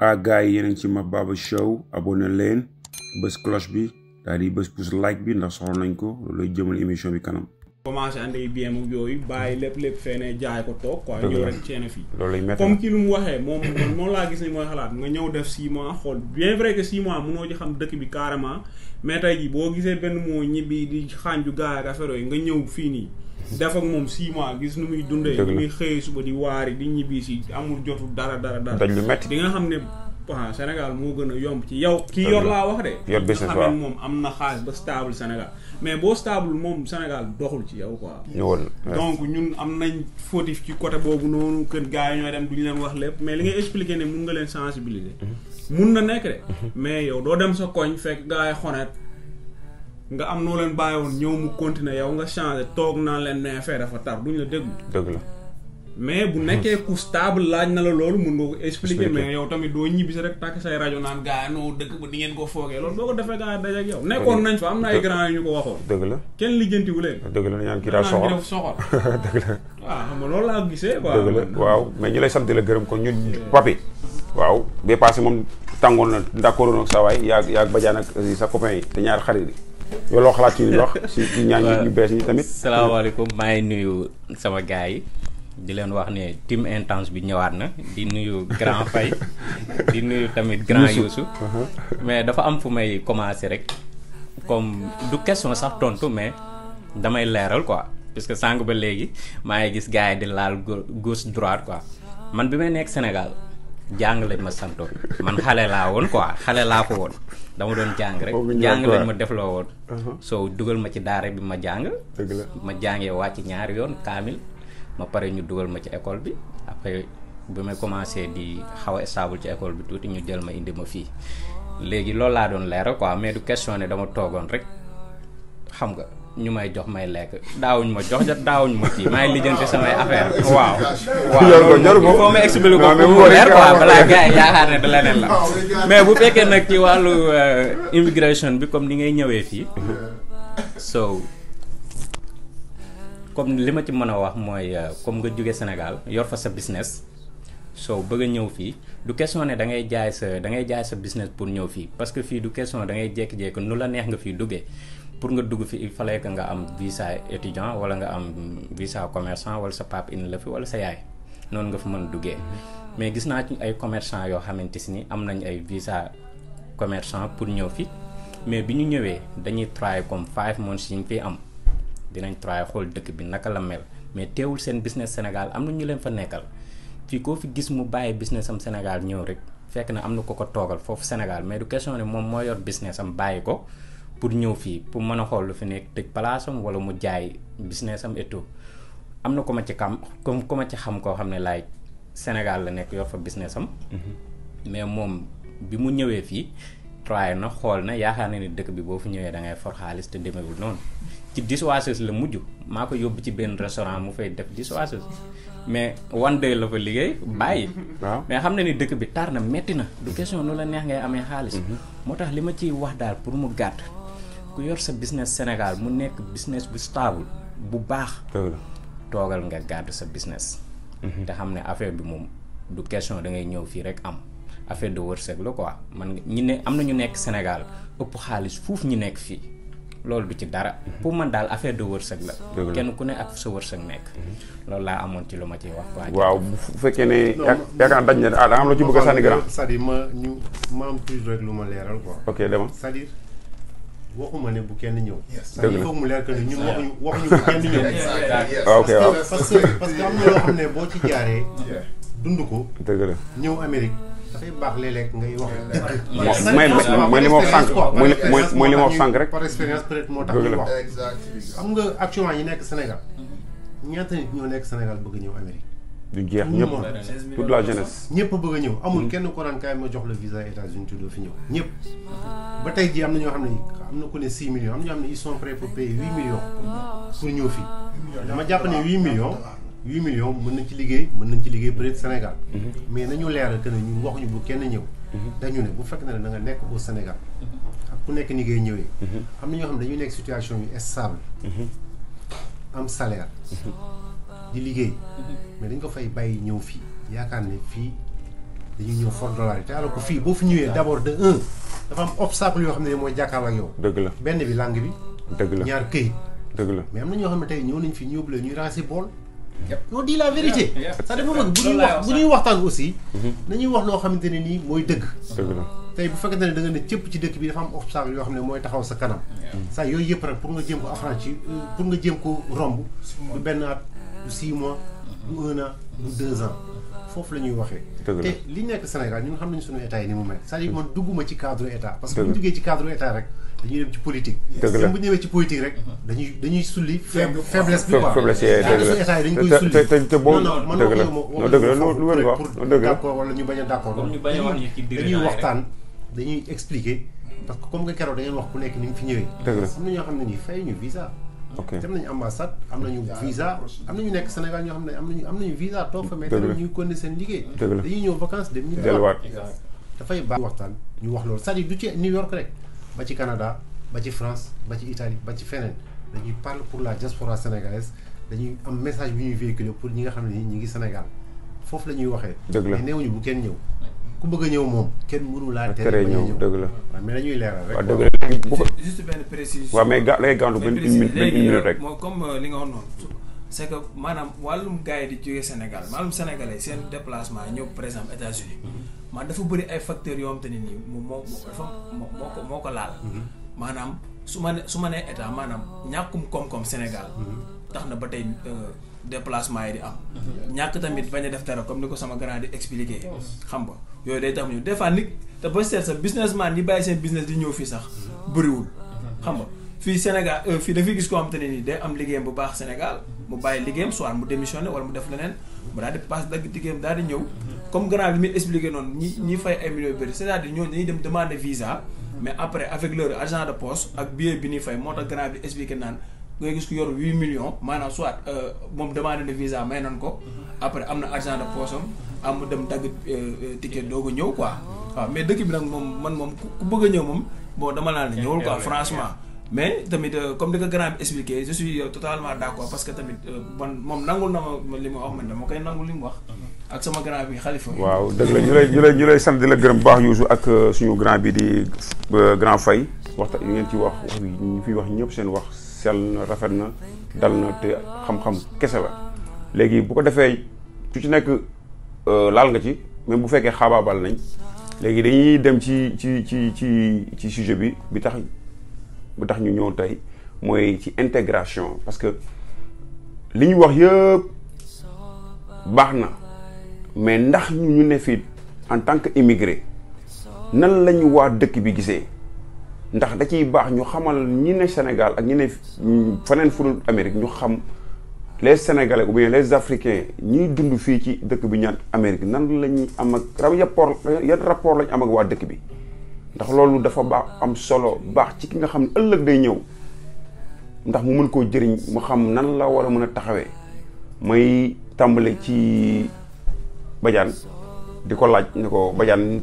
ah gars yi yéen a ngi ci Mababa Show abonné leen bës cloche bi daal di bës pouce like bi ndax soxla nañ ko loolu lay jëmal émission bi kanam. commencé andi bien ak yooyu bàyyi lépp lépp feneen jaay ko toog quoi ñëw rek ceene fii comme ci lu mu waxee moom man moom laa gis ne mooy xalaat nga ñëw def 6 mois xool bien vrai que 6 mois mënoo ci xam dëkk bi carrément mais tey ji boo gisee benn moo ñibbi di xànju gaay ak affaire yi nga ñëw fii nii def ak moom six mois gis nu muy dundee. dëgg muy xëyee suba di waari di ñibbi si amul jotu dara dara dara. dañ lu métti di nga xam ne waaw Sénégal moo gën a yomb ci yow. kii yor laa wax de. yor business waaw moom am na xaalis ba Sénégal mais boo stable moom Sénégal doxul ci yow quoi. ñëwal donc ñun am nañ fautif ci côté boobu noonu kër gars yi ñoo dem duñu leen wax lépp mais li nga expliqué ne mun nga leen sensibiliser. Mhm. mun na nekk de. mais yow doo dem sa koñ fekk gars yi xonet nga am noo leen bàyyi woon ñëw mu continuer yow nga changé toog naa leen mais affaire dafa tar duñ la déglu. dëgg la mais bu nekkee ku stable laaj na la loolu mun nga ko expliquer. mais yow tamit doo ñibbisi rek tàkk say rajo naan gaa yi noo dëkk ba ni ngeen ko foogee loolu boo ko defee gars yi daje ak nekkoon nañ fa am na ay grand yu ñu ko waxoon. dëgg la kenn lijjanti wu leen. dëgg la ñaan kii daa soxor ñaan soxor. dëgg la waaw xam nga laa gisee. waaw lay sant di la gërëm kon ñun papi waaw bee passé moom tàngoon na d'accord ak sa waay yaa yaa bajaan ak sa copain yi te ñaar xarit yi yo lo xalat ci li wax si ci ñaan ñu bees ñi tamit. salaamaaleykum maa ngi nuyu sama gaay di leen wax ne team intense bi ñëwaat na di nuyu grand fay di nuyu tamit grand yusu uh-huh. mais dafa am fu may commencer rek comme du question sax tontu mais damay leral quoi parce que sang ba légui maa gis gaay di laal gauche droite quoi man bi may nekk Sénégal. jàng lañ ma santoon man xale laa woon quoi xale laa ko woon dama doon jàng rek jàng lañ ma defloo woon uh-huh. soo dugal ma ci daara bi ma jàng ma jàngee wàcc ñaari yoon kaamil ma pare ñu dugal ma ci école bi après bi may commencé di xaw a stable ci école bi tuuti ñu jël ma indi ma fii léegi loolu laa doon leeral quoi mais du question ne dama toogoon rek xam nga ñu may jox may lekk daawuñ ma jox daawuñ ma ci may lijjanti samay affaire waaw. waaw jarul foo ma expliqué ko mu leer quoi balaa gars yi yaakaar ne da leneen la mais bu fekkee nag ci wàllu euh, immigration bi comme ni ngay ñëwee fii so comme li ma ci mën a wax mooy euh, comme nga jóge Sénégal yor fa sa business soo bëgg a ñëw fii du question ne da ngay jaay sa da ngay jaay sa business pour ñëw fii parce que fii du question da ngay jékki nu la neex nga fii duggee pour nga dugg fi il fallait que nga am visa étudiant wala nga am visa commerçant wala sa pape indi la fi wala sa yaay noonu nga fi mën duggee mm-hmm. mais gis naa ci ay commerçant yoo xamante si ni am nañ ay visa commerçant pour ñëw fi mais bi ñu ñëwee dañuy try comme five months yi ñu fiy am dinañ try xool dëkk bi naka la mel mais teewul seen business Sénégal am na ñu leen fa nekkal fii koo fi gis mu bàyyi business am Sénégal ñëw rek fekk na am na ko ko toogal foofu Sénégal mais du question moom moo yor business am bàyyi ko pour ñëw fii pour mën a xool lu fi nekk tëj palaasam wala mu jaay business am et tout am na ko ma ci kam comme ku ma ci xam koo xam ne laay Sénégal la nekk yor fa business am. Mhm. mais moom bi mu ñëwee fii troye na xool na yaakaar na ni dëkk bi boo fi ñëwee da ngay for xaalis te demewul noonu ci dissoiseuse la mujj maa ko yóbbu ci benn restaurant mu fay def dissoiseuse mais one day la fa liggéey bàyyi. waaw mais xam na ni dëkk bi tar na metti na. du mhm. question nu la neex nga amee xaalis. Mhm. moo tax li ma ciy wax pour mu gàtt. ku yor sa business senegal mu nekk business bu stable bu baax. toogal nga gàddu sa business. Mhm. te xam ne affaire bi moom du question da ngay ñëw fii rek am affaire de wërsëg la quoi man ñi ne am na ñu nekk Sénégal ëpp xaalis fuuf ñi nekk fii loolu du ci dara. Mhm. pour man daal affaire de wërsëg la. kenn ku ne ak sa wërsëg nekk. Mhm. loolu laa amoon ci lu ma ciy wax quoi. waaw bu fekkee ne yaakaar dañ na ah da am lu ci bëgg a c'est-à-dire ma ñu ma am toujours rek lu ma leeral quoi. ok dama c'est-à-dire. waxuma ne bu kenn ñëw. dëgg la il faut mu leer que ni bu kenn ñëw. ok waaw parce que am na loo xam ne boo ci jaaree. dund ko. dëgg la ñëw Amérique. dafay baax léeg lekk ngay wax. mooy li ma wax sànq mooy mooy li moo wax sànq rek. par expérience peut moo tax ñu wax. xam nga actuellement yi nekk Sénégal. ñaata nit ñoo nekk Sénégal bëgg ñëw Amérique. du jeex ñëpp toute la jeunesse. bëgg a ñëw amul mm. kenn ko naan kaay ma jox la visa États-Unis doo fi ñëw ñëpp. ba tey jii am na ñoo xam ne am na ko ne 6 millions am na ñoo xam ne ils millions fii. dama jàpp ne 8 millions. 8 mën nañ ci liggéey mën nañ ci liggéey peut-être Sénégal. Mm-hmm. mais nañu leeral que ne ñun waxuñu bu kenn ñëw. Mm-hmm. dañu ne bu fekk ne da nga nekk au Sénégal. ak ku nekk ni ñëwee. Mm-hmm. am na ñoo xam ne dañu nekk situation yu stable. am salaire. di liggéey mais dañ ko fay bay ñëw fii yaakaar ne fii dañuy ñëw fort dolarité alors que fii boo fi ñëwee d' abord de un dafa am obstacle yoo xam ne mooy jàkkaarloo ak yow dëgg la benn bi langue bi dëgg la ñaar këyit dëgg la mais am na ñoo xam ne tey ñëw nañ fi ñëw la ñuy rancé bool on dit la vérité ça dafa bëgg bu ñuy wax bu ñuy waxtaan aussi mm-hmm. nañuy wax loo xamante ne nii mooy dëgg dëgg la tey bu fekkente ne da nga ne cëpp ci dëkk bi dafa am obstacle yoo xam ne mooy taxaw sa kanam ça yooyu yëpp rek pour nga jéem ko affranchi euh, pour nga jéem ko romb du benn at du 6 mois du un an du deux ans foofu la ñuy waxee te li nekk Sénégal ñun xam nañu suñu état ni mu mel Sa à dire man dugguma ci cadre état parce que bu duggé ci cadre état rek dañuy dem ci politique même bu ñëwé ci politique rek dañuy dañuy sulli faiblesse bi quoi faiblesse eh, yi dañ koy sulli non non man waxuma dëgg la lu wér nga wax dëgg la d'accord wala ñu bañ a d'accord dañuy waxtaan dañuy expliquer parce que comme nga kéro da ngeen wax ku nekk ni mu fi ñëwee am na ñoo xam ne fay ñu visa ok dem nañu ambassade am nañu visa am nañu nekk Sénégal ñoo xam ne am nañu am nañu visa toog fa mais tamit ñuy continuer seen liggéey dañuy ñëw vacances dem ñu delluwaat dafay baax waxtaan ñu wax loolu c'est-à-dire du ci New York rek ba ci Canada ba ci France ba ci Italie ba ci feneen dañuy parle pour la diaspora sénégalaise dañuy am message bi ñuy véhiculer pour ñi nga xam ne ñi ngi Sénégal foofu la ñuy waxee mais néewuñu bu kenn ñëw ku bëgg ñëw moom kenn mënu laa tere ñëw dëgg la waaw mais dañuy leeral rek waaw dëgg la léegi bu ko juste benn précision waaw mais ga lay gàntu benn une rek moo euh, comme euh, li nga wax noonu c' est maanaam wàllum gars yi di jógee Sénégal maanaam sénégalais seen déplacement ñëw par exemple États-Unis mhm. man dafa bëri ay facteurs yoo xam te nii moom moo dafa ko moo ko laal mhm. maanaam su ma su ma nee état maanaam ñàkkum koom-koom Sénégal mhm. tax na ba tey euh, déplacement yi di am. ñàkk tamit bañ def dara comme ni ko sama grand di expliqué. xam nga yooyu day tax ñu des fois nit te booy seet sa businessman yi bàyyi seen business di ñëw fii sax bëriwul. xam nga fii Sénégal euh, fii dafay gis koo xam te ne nii day am liggéeyam bu baax Sénégal mu bàyyi liggéeyam soit mu démissionné wala mu def leneen mu daal di passe dagg liggéeyam daal di ñëw. comme grand bi muy expliqué noonu ñi ñi fay ay millions yu bëri cest à dem demander visa. mais après avec leur de poste ak billet bi ñuy fay moo tax grand bi expliqué naan. nga gis ko yor 8 millions maanaam soit euh, moom demande de visa may nan ko après am na argent de poche am dem dagg euh, euh, ticket doog a ñëw quoi waaw mais dëkk bi nag moom man moom ku bëgg a ñëw moom bon dama naan ne ñëwul quoi franchement mais tamit comme ni ko grand bi expliqué je suis totalement d'accord parce que tamit man moom nangul na ma li ma wax man dama koy nangul li mu wax ak sama grand bi xalifa waaw dëgg la ñu lay ñu lay ñu lay sant di la gërëm baax Youssou ak suñu grand bi di grand fay waxta ngeen ci wax wax ñu fi wax ñëpp seen wax sell na rafet na dal na te xam-xam kese la léegi bu ko defee ku ci nekk euh, laal nga ci même bu fekkee xaabaabal nañ léegi dañuy dem ci ci ci ci ci sujet bi bi tax bu tax ñu ñëw tey mooy ci intégration parce que li ñu wax yëpp baax na mais ndax ñu ne fii en tant que immigré nan lañu waa dëkk bi gisee ndax da ciy baax ñu xamal ñi ne Sénégal ak ñi ne feneen fu dul Amérique ñu xam les Sénégalais ou bien les Africains ñiy dund fii ci dëkk bi ñaan Amérique nan la ñuy am ak raw rapport yan rapport la am ak waa dëkk bi ndax loolu dafa baax am solo baax ci ki nga xam ne ëllëg day ñëw ndax mu mën koo jëriñ mu xam nan la war a mën a taxawee may tàmbale ci Badiane di ko laaj ne ko Badiane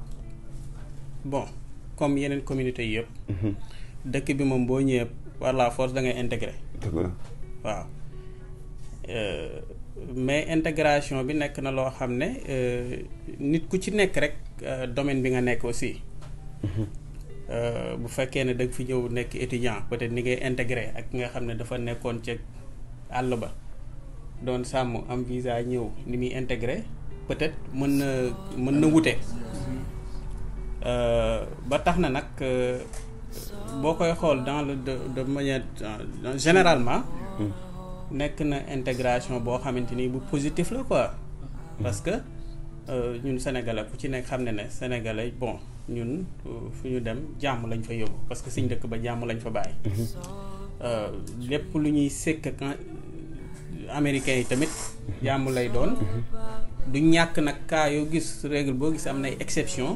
bon comme yeneen communauté yi yëpp. Mhm. dëkk bi moom boo ñëwee par la force dangay ngay intégré. waaw euh, mais intégration bi nekk na loo xam ne euh, nit ku ci nekk rek euh, domaine bi nga nekk aussi. Mhm. bu fekkee ne da fi ñëw nekk étudiant peut-être ni ngay intégré ak nga xam ne dafa nekkoon ca àll ba doon sàmm am visa ñëw ni muy intégré peut-être mën na mën na wute. Euh, ba tax na nag euh, boo dans le de de manière euh, généralement. Hmm. nek na intégration bo xamante ni bu positif la quoi. parce que euh, ñun sénégalais ku ci nek xamné né sénégalais bon ñun fu ñu dem jamm lañ fa yóbbu parce que suñ dëkk ba jamm lañ fa bàyyi. Hmm. lépp lu ñuy sék kan américains yi tamit jamm lay doon. Hmm. du ñak nak cas yoo gis règle bo gis am nay exception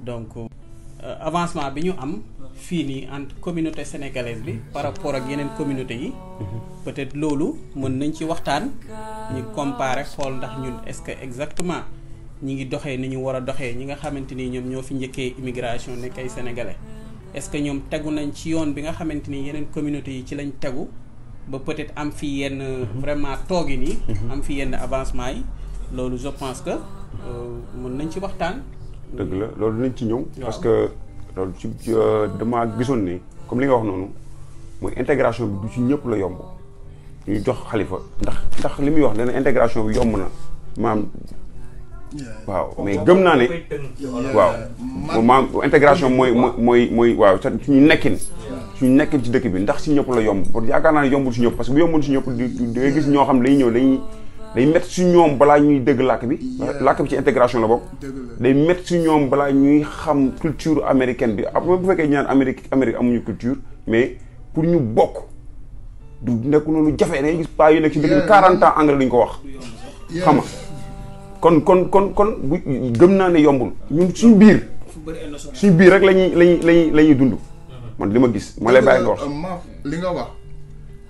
donc euh, avancement bi ñu am fii nii entre communauté sénégalaise bi par rapport ak yeneen communauté yi peut-être loolu mën nañ ci waxtaan ñu comparer xool ndax ñun est-ce que exactement ñi ngi doxee ni ñu war a doxee ñi nga xamante ni ñoom ñoo fi njëkkee immigration nekk ay sénégalais est-ce que ñoom tegu nañ ci yoon bi nga xamante ni yeneen communauté yi ci lañ tegu ba peut-être am fi yenn mhm. vraiment toogi nii mhm. am fi yenn avancement yi loolu je pense que euh, mën nañ ci waxtaan dëgg la loolu nañ ci ñëw. parce que loolu ci euh, dama gisoon ne comme li nga wax noonu mooy intégration bi du ci ñëpp la yomb ñu jox xalifa ndax ndax li muy wax dana intégration bi yomb na maam. waaw mais gëm naa ne waaw maam intégration mooy mooy mooy waaw suñu nekkin suñu nekkin ci dëkk bi ndax si ñëpp la yomb pour yaakaar naa ne yombul si ñëpp parce que bu yombul si ñëpp di ngay gis ñoo xam ne dañuy ñëw dañuy day métti ñoom bala ñuy dégg bi. intégration la ñuy culture américaine bi bu ñaan Amérique amuñu culture mais pour ñu bok du nekk gis yu nekk 40 ans anglais ko wax. xam kon kon kon kon bu yombul biir. biir rek dund. man gis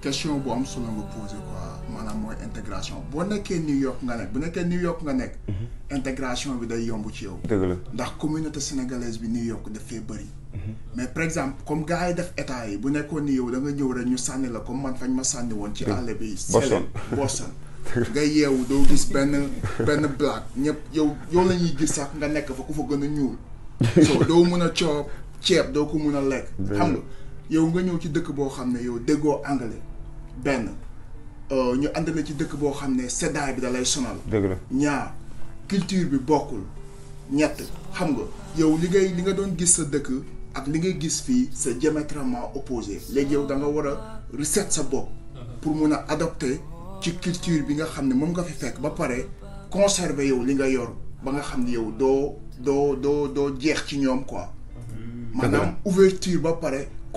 question bu am nga maanaam mooy intégration boo nekkee New York nga nekk bu nekkee New York nga nekk. Mhm. intégration bi day yomb ci yow. dëgg la ndax communauté sénégalaise bi New York dafay bëri. Mhm. mais par exemple comme gars yi def état yi bu nekkoon ni yow da ñëw rek ñu sànni la comme man fañ ma sànni woon. ci àll bi Boston Boston. nga yeewu doo gis benn benn black ñëpp yow yow la ñuy gis sax nga nekk fa ku fa gën a ñuul. so doo mun a coob ceeb doo ko mun a lekk. xam nga yow nga ñëw ci dëkk boo xam ne yow déggoo anglais benn. Euh, ñu ànd na ci dëkk boo xam bi da lay sonal. la culture bi bokkul ñett xam nga yow li ngay li nga doon gis sa dëkk ak li gis c'est diamétralement opposé léegi da nga war sa pour mun adopter ci culture bi nga nga fi fekk ba conserver yow li nga yor ba nga yow ci ouverture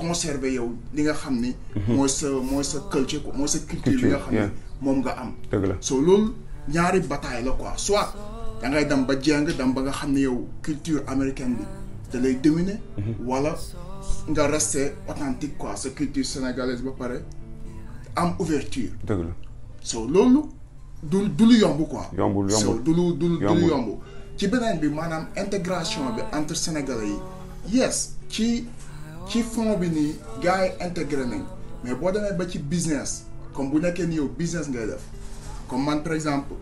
conserver yow li nga xam moy mhm. sa moy sa culture moy sa culture li nga xam mom nga am. dëgg la soo loolu ñaari bataille la quoi soit da ngay dem ba jàng dem ba nga xam yow culture américaine bi da lay dominer. Mhm. wala nga rester authentique quoi sa culture sénégalaise ba paré am ouverture dëgg la soo loolu du du lu yomb quoi. yombul yombul soo du lu du lu yomb. ci benen bi manam intégration bi entre sénégalais yes ci ci fond bi nii gars yi intégré nañ mais boo demee ba ci business comme bu nekkee ni yow business ngay def comme man par exemple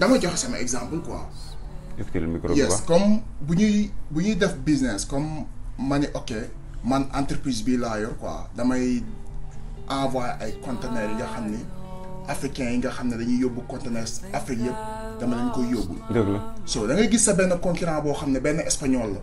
dama joxe sama exemple quoi. le micro yes comme bu ñuy bu ñuy def business comme ma ni ok man entreprise bi laa yor quoi damay envoyé ay conteneurs yi nga xam ni africains yi nga xam ne dañuy yóbbu conteneurs Afrique yëpp dama lañ koy yóbbu. dëgg la soo da ngay gis sa benn concurrent boo xam ne benn espagnol la.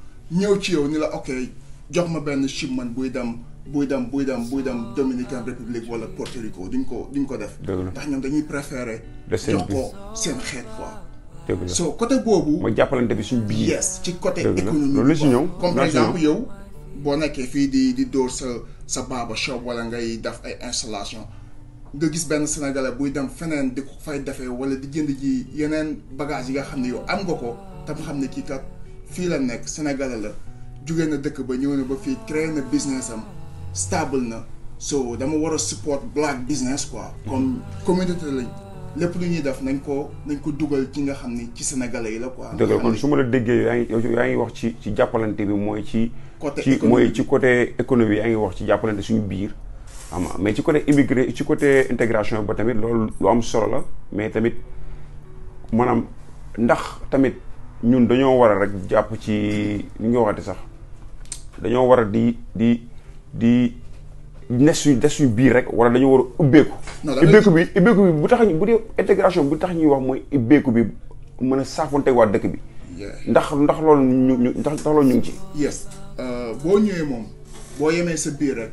ñëw ci yow ni la ok jox ma benn shipment buy dem buy dem buy dem buy dem Dominicaine République wala Porto Rico duñ ko duñ ko def. ndax ñoom dañuy préféré. jox ko seen xeet quoi. côté boobu. mooy jàppalante bi suñu ci côté économique loolu si ñëw comme par exemple yow. boo nekkee fii di di dóor sa sa barber shop wala ngay def ay installation nga gis benn sénégalais buy dem feneen di ko fay defee wala di jënd ji yeneen bagage yi nga xam ne yow am nga ko tam xam ne kii kat. fii la nekk Sénégalais la jugee na dëkk ba ñëw na ba fii na business am stable na so dama war a support black business quoi. comme communauté lañ lépp lu ñuy def nañ ko nañ ko dugal ci nga xam ni ci sénégalais yi la quoi. dëgg kon su ma la déggee yaa yaa ngi wax ci ci jàppalante bi mooy ci. ci mooy ci côté économie yaa ngi wax ci jàppalante suñu biir. ama mais ci côté immigré ci côté intégration ba tamit loolu lu am solo la mais tamit maanaam ndax tamit. ñun dañoo war a rek jàpp ci ni nga waxati sax dañoo war a di di di des suñ des suñ biir rek wala dañoo war a ubbeeku. ubbeeku bi ubbeeku bi bu tax bu dee intégration bu tax ñuy wax mooy ubbeeku bi mën a saafoonteeg waa dëkk bi. ndax ndax loolu ñu ñu ndax loolu ñu ngi ci. yes euh, boo ñëwee moom boo yemee sa biir rek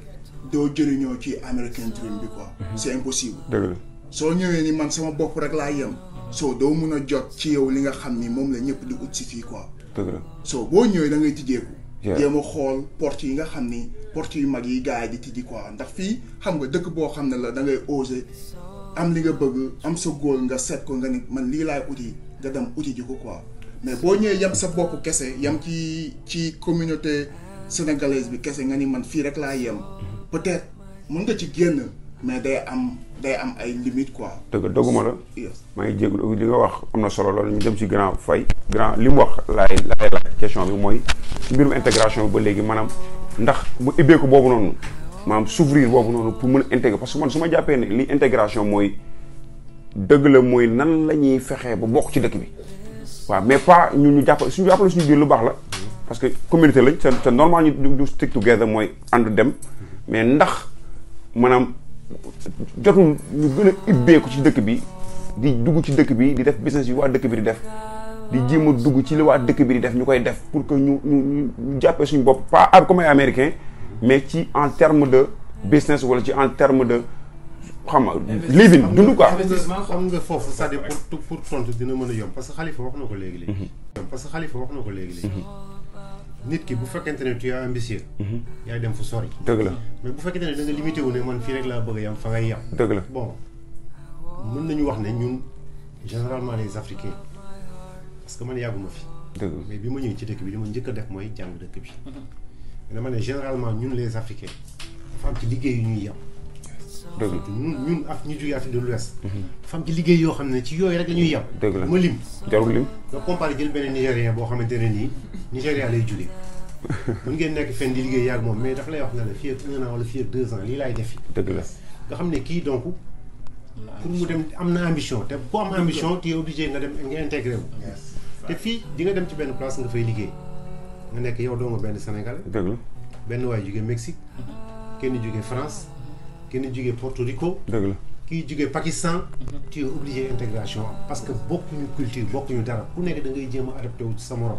doo jëriñoo ci American dream bi quoi. Mhm. soo ñëwee ni man sama bopp rek laa yem. so do muna jot ci yow li nga xamni mom la ñepp di ut ci fi quoi. la so bo ñewé da ngay tijjeeku. jéem a xool porte yi nga xamni porte yu mag yi gaay di tijji quoi ndax fi xam nga dëkk bo xam la da ngay oser am li nga bëgg am sa goal nga set ko nga ni man li lay uti nga dem uti ji ko quoi mais bo ñewé yam sa bokku kese yam ci ci communauté sénégalaise bi kese nga ni man fi rek la yem mm-hmm. peut-être mën nga ci génn. mais day am day am ay limites quoi. deug dogguma la. maa ngi jégalu li nga wax amna solo loolu ñu dem ci grand fay. grand lim wax lay lay la question bi moy ci mbirum intégration ba léegi manam ndax bu ubbeeku bobu noonu manam s'ouvrir bobu noonu pour mën intégrer parce que man suma jappé jàppee li intégration moy deug la moy nan lañuy fexé bu bok ci dëkk bi wa mais pas ñu ñu japp suñu jàppale suñu biir lu bax la parce que communauté lañ c'est normal ñu du stick together moy ànd dem mais ndax manam jot ñu gën a ibbeeku ci dëkk bi di dugg ci dëkk bi di def business yi waa dëkk bi di def di jéem a dugg ci li waa dëkk bi di def ñu koy def pour que ñu ñu ñu jàppee suñu bopp pas ab comme ay américain mais ci en terme de business wala ci en terme de xam nga living dund quoi investissement xam nga foofu c'est-à-dire pour pour tontu dina mën a yomb parce que xalifa wax na ko léegi léegi mhm. parce que xalifa wax na ko léegi léegi mhm nit ki bu fekkente ne tu ambitieux. Mhm. yaay dem fu sori. dëgg la mais bu fekkente ne da nga limité ne man fii rek laa bëgg yam fa yam. dëgg la bon mën nañu wax ne ñun généralement les africains parce que man yàgguma fi. dëgg mais bi ma ci dëkk bi li ma def mooy jàng dëkk bi. dama ne généralement ñun les africains dafa am ci liggéey yu ñuy yam. ñun ak ñu jugee de l'Ouest. Mhm. ci liggéey yoo xam ci yooyu rek la ñuy yam. ma lim. jarul lim nga comparé jël benn Nigeria lay jugee bu ngeen nek fenn di liguey yak mom mais dafa lay wax na la fii ak un an wala fii ak deux ans li lay def. dëgg la nga xam ki donc pour mu dem amna ambition te boo am ambition tu es obligé nga dem nga intégré wu. te fi di nga dem ci benn place nga fay liguey nga nek yow do nga benn sénégalais dëgg la benn waay jugee Mexique. kenn jugee France kenn jugee Porto Rico. dëgg la kii jugee Pakistan. tu es obligé intégration parce que bokkuñu culture bokkuñu dara ku nekk da ngay jéem adapté wu ci sa morom.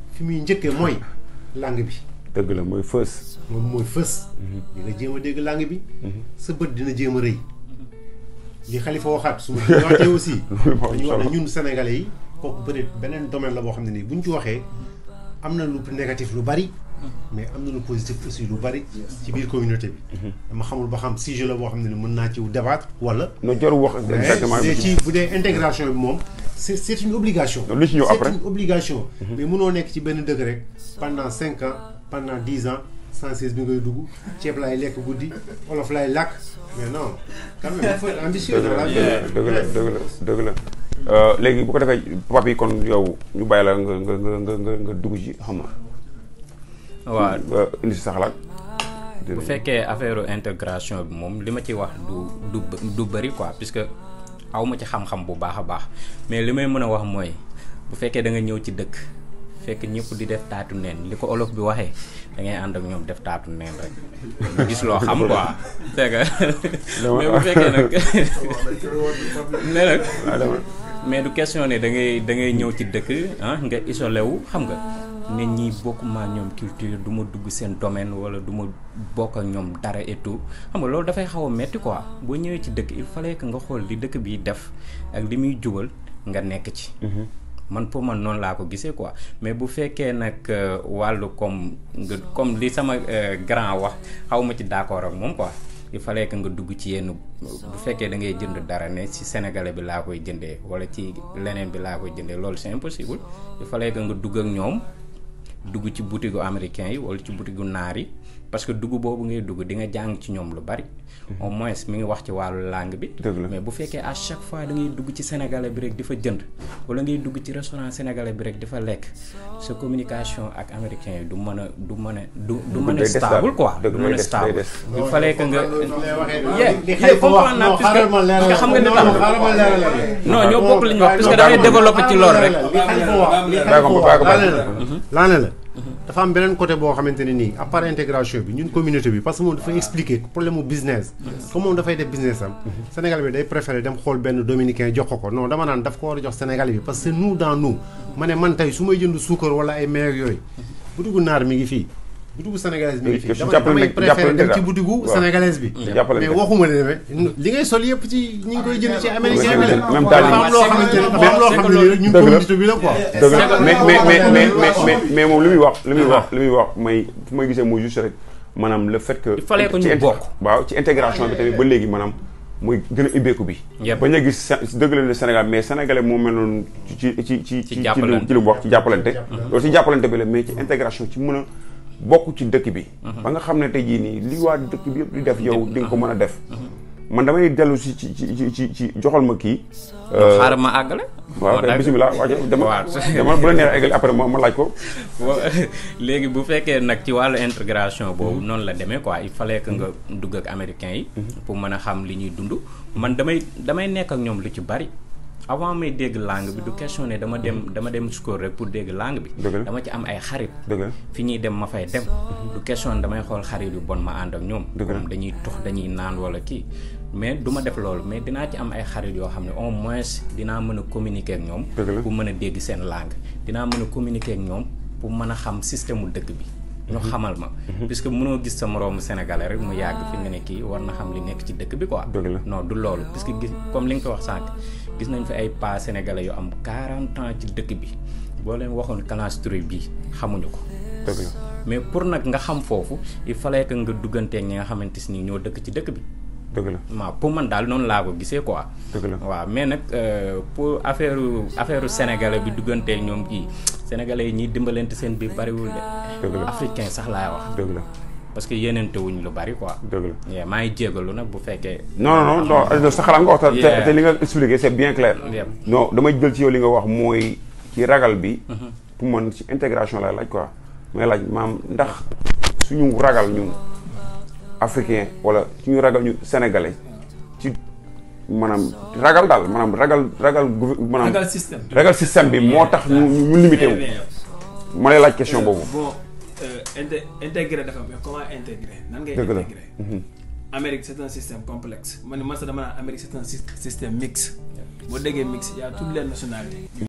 fi muy njëkkee mooy langue bi. dëgg la mooy fës. moom mooy fës. Mhm. di nga jéem a dégg langue bi. Mhm. sa bët dina jéem a rëy. li xalifa waxaat su ma ñëwaatee aussi. dañu wax ne ñun sénégalais yi kooku peut être beneen domaine la boo xam ne nii buñ ci waxee am na lu négatif lu bari. mais am na lu positif aussi lu bari. ci biir communauté bi. Mhm. dama xamul ba xam sujet la boo xam ne nii mën naa ci débattre wala. no jarul wax exactement. bu dee intégration bi moom. c'est c'est une obligation. c'est une obligation. Mhm. mais mënoo nekk ci benn dëkk rek pendant 5 ans pendant 10 ans. sans 116 bi ngay dugg ceeb laay goudi, on olof laay làkk mais non quand même il faut être ambitieux dëgg la bu ko defee papi kon yow ñu bàyyi la nga nga nga nga nga dugg ci xam nga. waaw indi sax sa bu fekkee affaire intégration bi moom li ma ci wax du du du bëri quoi puisque. aw ma ci xam-xam bu baax a baax mais li may mën a wax mooy bu fekkee da nga ñëw ci dëkk fekk ñëpp di def taatu neen li ko olof bi waxee da ngay ànd ak ñoom def taatu neen rek nga gis loo xam quoi. mais bu fekkee nag mais du question ne da ngay da ngay ñëw ci dëkk ah nga isolé wu xam nga. ne ñi maa ñoom culture du ma dugg seen domaine wala du ma bokk ak ñoom dara et xam nga loolu dafay xaw a metti quoi boo ñëwee ci dëkk il fallait nga xool li dëkk bi def ak li muy jubal nga nekk ci. Mhm. man pour man noonu laa ko gisee quoi mais bu fekkee nag euh, wàllu comme nga comme li sama euh, grand wax xaw ma ci d'accord ak moom quoi. il fallait nga dugg ci yenn bu fekkee da ngay jënd dara ne ci sénégalais bi laa koy jëndee walla ci leneen bi laa koy jëndee loolu c'est impossible il fallait nga dugg ak ñoom dugg ci boutique gu américain yi wala ci boutique gu naar yi parce que dugg boobu ngay dugg di nga jàng ci ñoom lu bari. Mhm. au moins mi ngi wax ci wàllu langue bi. mais bu fekkee à chaque fois da dugg ci sénégalais bi rek di fa jënd. wala ngay dugg ci restaurant sénégalais bi rek di fa lekk sa communication ak américain yi du mën a du mën a du du mën a stable quoi. du mën a stable il fa que nga. yéen comprendre naa nga xam nga ni tax non ñoo bokk li ñu dafay développé ci loolu rek. li laa ne la. dafa am beneen côté boo xamante ne nii à part intégration bi ñun communauté bi parce que moom dafa expliquer problème mu business. comme moom dafay def business am. Mhm. Sénégal bi day préféré dem xool benn dominicain jox ko ko non dama naan daf ko war a jox Sénégal bi parce que nous dans nous. ma ne man tey su may jënd suukar wala ay meew yooyu. bu dugg naar mi ngi fii boutique sénégalaise bi nga fi damay préféré dem ci boutique sénégalaise bi mais waxuma ne demee li ngay sol yëpp ci ñi ngi koy jënd ci américain bi même daal am lo xamante ne dafa am loo xam ne bi la quoi mais mais mais mais mais mais mom li muy wax li muy wax ah. li muy wax may may gisee mooy juste rek manam le fait que il fallait ci bokk waaw ci intégration bi tamit ba légui manam muy gën a ubbeeku bi bañ a gis dëgg la ne Sénégal mais sénégalais moo mel noonu ci ci ci ci ci lu wax ci jàppalante loolu ci jàppalante bi la mais ci intégration ci mën a bokk ci dëkk bi. Mhm. ba nga xam ne tey jii nii li waa dëkk bi yëpp di def yow di nga ko mën a def. Mhm. man damay dellu si ci ci ci ci joxal ma kii. Euh, xaaral ma àggale. waaw kay bisimilah waaw dama bu la neex àggale ma laaj ko. léegi bu fekkee nag ci wàllu intégration boobu mhm. noonu la demee ko il fallait que nga dugg ak américain yi. pour mën a xam li ñuy dund. man damay damay nekk ak ñoom lu ci bari. avant may dégg langue bi du question ne dama dem dama dem score rek pour dégg langue bi. dama ci am ay xarit. fi ñuy dem ma fay dem. du question damay xool xarit yu bon ma ànd ak ñoom. dañuy tux dañuy naan wala kii. mais duma def loolu mais dinaa ci am ay xarit yoo xam ne au moins dinaa mën a communiquer ak ñoom. pour mën a dégg seen langue. dinaa mën a communiquer ñoom pour mën a xam système mu dëkk bi. ñu mhm. xamal ma. Mhm. puisque mënoo gis sa moroomu sénégalais rek mu yàgg fi nga ne kii war na xam li nekk ci dëkk bi quoi. non du loolu puisque li nga ko wax sànq. gis nañ fa ay pas sénégalais yu am 40 ans ci dëkk bi boo leen waxoon Clarence Touré bii xamuñu ko. dëgg mais pour nag nga xam foofu il fallait nga duggantee ñi nga xamante si nii ñoo dëkk ci dëkk bi. dëgg la pour man daal noonu laa ko gisee ko dëgg la waaw mais nag euh, pour affaire affaire sénégalais bi duggantee ñoom kii sénégalais yi ñiy dimbalante seen biir bariwul de. dëgg la africain sax laay wax la. parce que yéenante wuñ lu bari quoi. dëgg la maa ngi jégalu nag bu fekkee. non non non sa xalaat nga wax te li nga expliqué c' est bien clair. non damay jël ci yow li nga wax mooy ci ragal bi. Mm-hmm. pour man ci intégration lay laaj quoi may laaj maam ndax suñu ragal ñu africain wala suñu ragal ñu sénégalais ci. maanaam ragal daal maanaam ragal ragal maanaam ragal système bi moo tax ñu ñu limité laaj question boobu. Euh, inté intégré dafa mais comment intégrer nan ngay intégrer mhm. Amérique c'est un système complexe man man sax dama naan Amérique c'est un système mixte boo déggee mixte y a toutes les nationalités